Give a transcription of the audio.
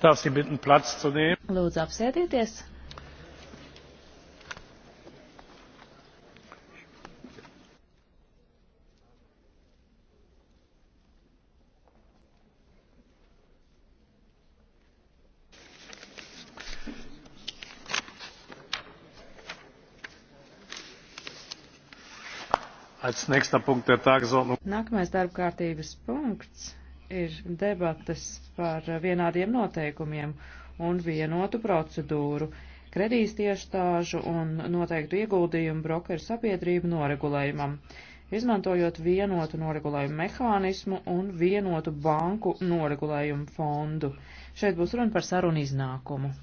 darf Sie bitten, Platz zu nehmen. Lūdzu, apsēdieties. Als nächster Punkt der Tagesordnung. Nākamais darba kārtības punkts ir debates par vienādiem noteikumiem un vienotu procedūru. Kredīs tiestāžu un noteiktu ieguldījumu brokeru sabiedrību noregulējumam, izmantojot vienotu noregulējumu mehānismu un vienotu banku noregulējumu fondu. Šeit būs runa par sarunu iznākumu.